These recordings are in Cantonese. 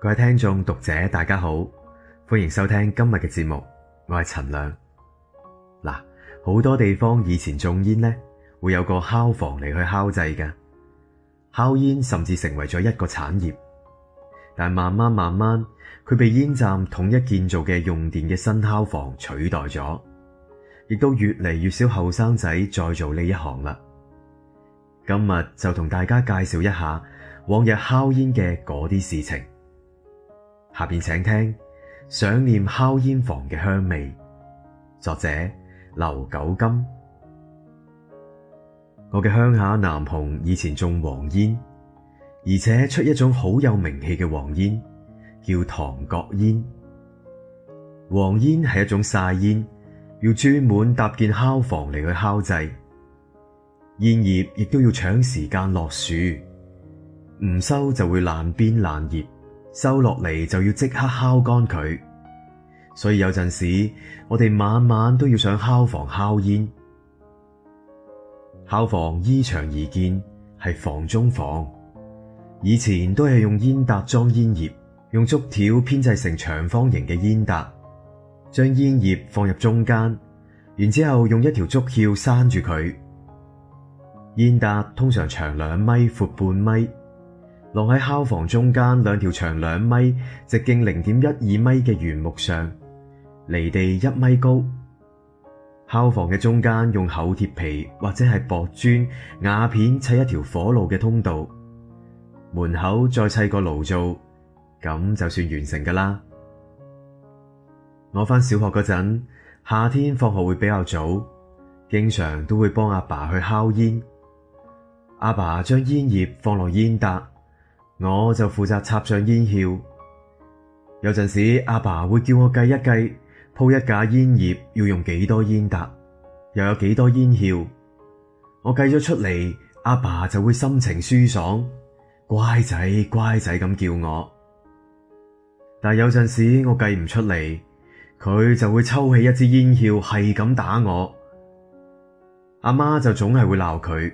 各位聽眾讀者大家好，歡迎收聽今日嘅節目。我係陳亮。嗱，好多地方以前種煙呢，會有個烤房嚟去烤製㗎。烤煙甚至成為咗一個產業。但慢慢慢慢，佢被煙站統一建造嘅用電嘅新烤房取代咗，亦都越嚟越少後生仔再做呢一行啦。今日就同大家介紹一下往日烤煙嘅嗰啲事情。下邊請聽《想念烤煙房嘅香味》，作者劉九金。我嘅鄉下南雄以前種黃煙，而且出一種好有名氣嘅黃煙，叫堂角煙。黃煙係一種晒煙，要專門搭建烤房嚟去烤製。煙葉亦都要搶時間落樹，唔收就會爛邊爛葉。收落嚟就要即刻烤乾佢，所以有陣時我哋晚晚都要上烤房烤煙。烤房依牆而建，係房中房。以前都係用煙笪裝煙葉，用竹條編製成長方形嘅煙笪，將煙葉放入中間，然之後用一條竹橇閂住佢。煙笪通常長兩米，闊半米。落喺烤房中間兩條長兩米、直徑零點一二米嘅圓木上，離地一米高。烤房嘅中間用厚鐵皮或者係薄磚、瓦片砌一條火路嘅通道，門口再砌個爐灶，咁就算完成噶啦。我返小學嗰陣，夏天放學會比較早，經常都會幫阿爸去烤煙。阿爸將煙葉放落煙笪。我就負責插上煙橇，有陣時阿爸，爸會叫我計一計，鋪一架煙葉要用幾多煙笪，又有幾多煙橇，我計咗出嚟，阿爸，爸就會心情舒爽，乖仔乖仔咁叫我。但有陣時我計唔出嚟，佢就會抽起一支煙橇係咁打我，阿媽就總係會鬧佢。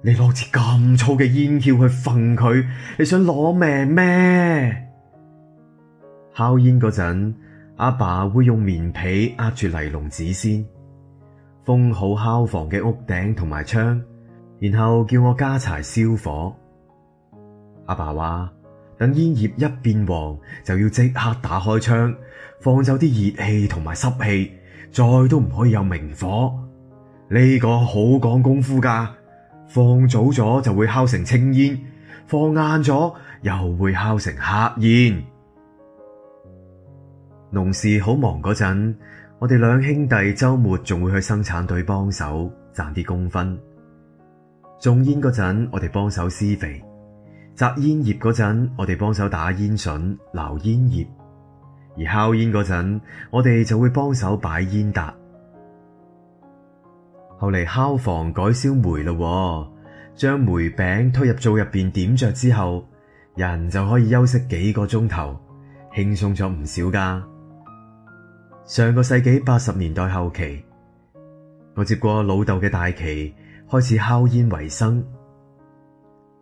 你攞支咁粗嘅煙橇去瞓佢，你想攞命咩？烤煙嗰陣，阿爸，爸會用棉被壓住尼龍紙先，封好烤房嘅屋頂同埋窗，然後叫我加柴燒火。阿爸話，等煙葉一變黃，就要即刻打開窗，放走啲熱氣同埋濕氣，再都唔可以有明火。呢、這個好講功夫噶。放早咗就會烤成青煙，放晏咗又會烤成黑煙。農事好忙嗰陣，我哋兩兄弟周末仲會去生產隊幫手賺啲工分。種煙嗰陣，我哋幫手施肥；摘煙葉嗰陣，我哋幫手打煙笋、撈煙葉；而烤煙嗰陣，我哋就會幫手擺煙笪。後嚟烤房改燒煤咯，將煤餅推入灶入邊點着之後，人就可以休息幾個鐘頭，輕鬆咗唔少噶。上個世紀八十年代後期，我接過老豆嘅大旗，開始烤煙為生。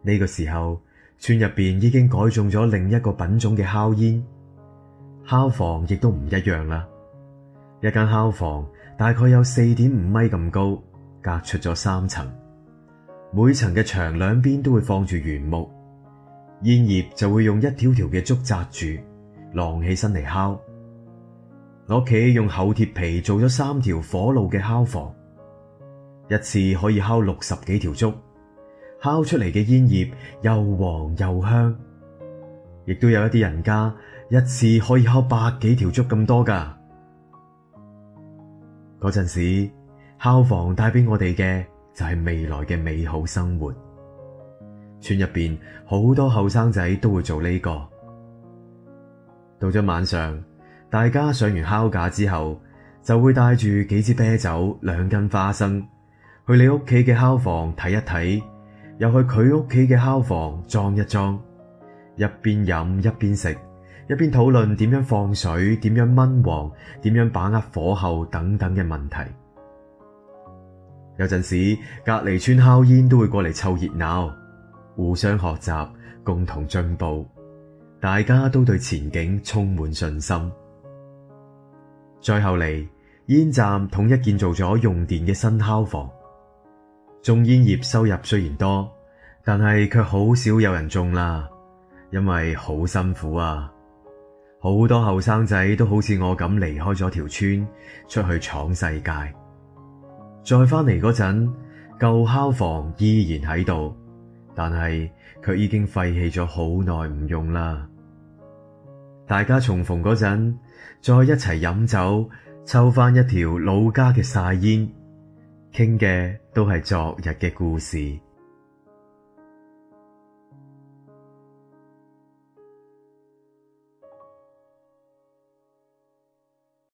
呢個時候，村入邊已經改種咗另一個品種嘅烤煙，烤房亦都唔一樣啦。一間烤房大概有四點五米咁高。隔出咗三層，每層嘅牆兩邊都會放住原木，煙葉就會用一條條嘅竹紮住，晾起身嚟烤。我屋企用厚鐵皮做咗三條火路嘅烤房，一次可以烤六十幾條竹，烤出嚟嘅煙葉又黃又香，亦都有一啲人家一次可以烤百幾條竹咁多㗎。嗰陣時。烤房帶俾我哋嘅就係、是、未來嘅美好生活。村入邊好多後生仔都會做呢、這個。到咗晚上，大家上完烤架之後，就會帶住幾支啤酒、兩斤花生，去你屋企嘅烤房睇一睇，又去佢屋企嘅烤房裝一裝，一邊飲一邊食，一邊討論點樣放水、點樣燜黃、點樣把握火候等等嘅問題。有陣時，隔籬村烤煙都會過嚟湊熱鬧，互相學習，共同進步，大家都對前景充滿信心。再後嚟，煙站統一建造咗用電嘅新烤房，種煙葉收入雖然多，但係卻好少有人種啦，因為好辛苦啊！好多後生仔都好似我咁離開咗條村，出去闖世界。再返嚟嗰陣，舊烤房依然喺度，但係佢已經廢棄咗好耐唔用啦。大家重逢嗰陣，再一齊飲酒，抽翻一條老家嘅曬煙，傾嘅都係昨日嘅故事。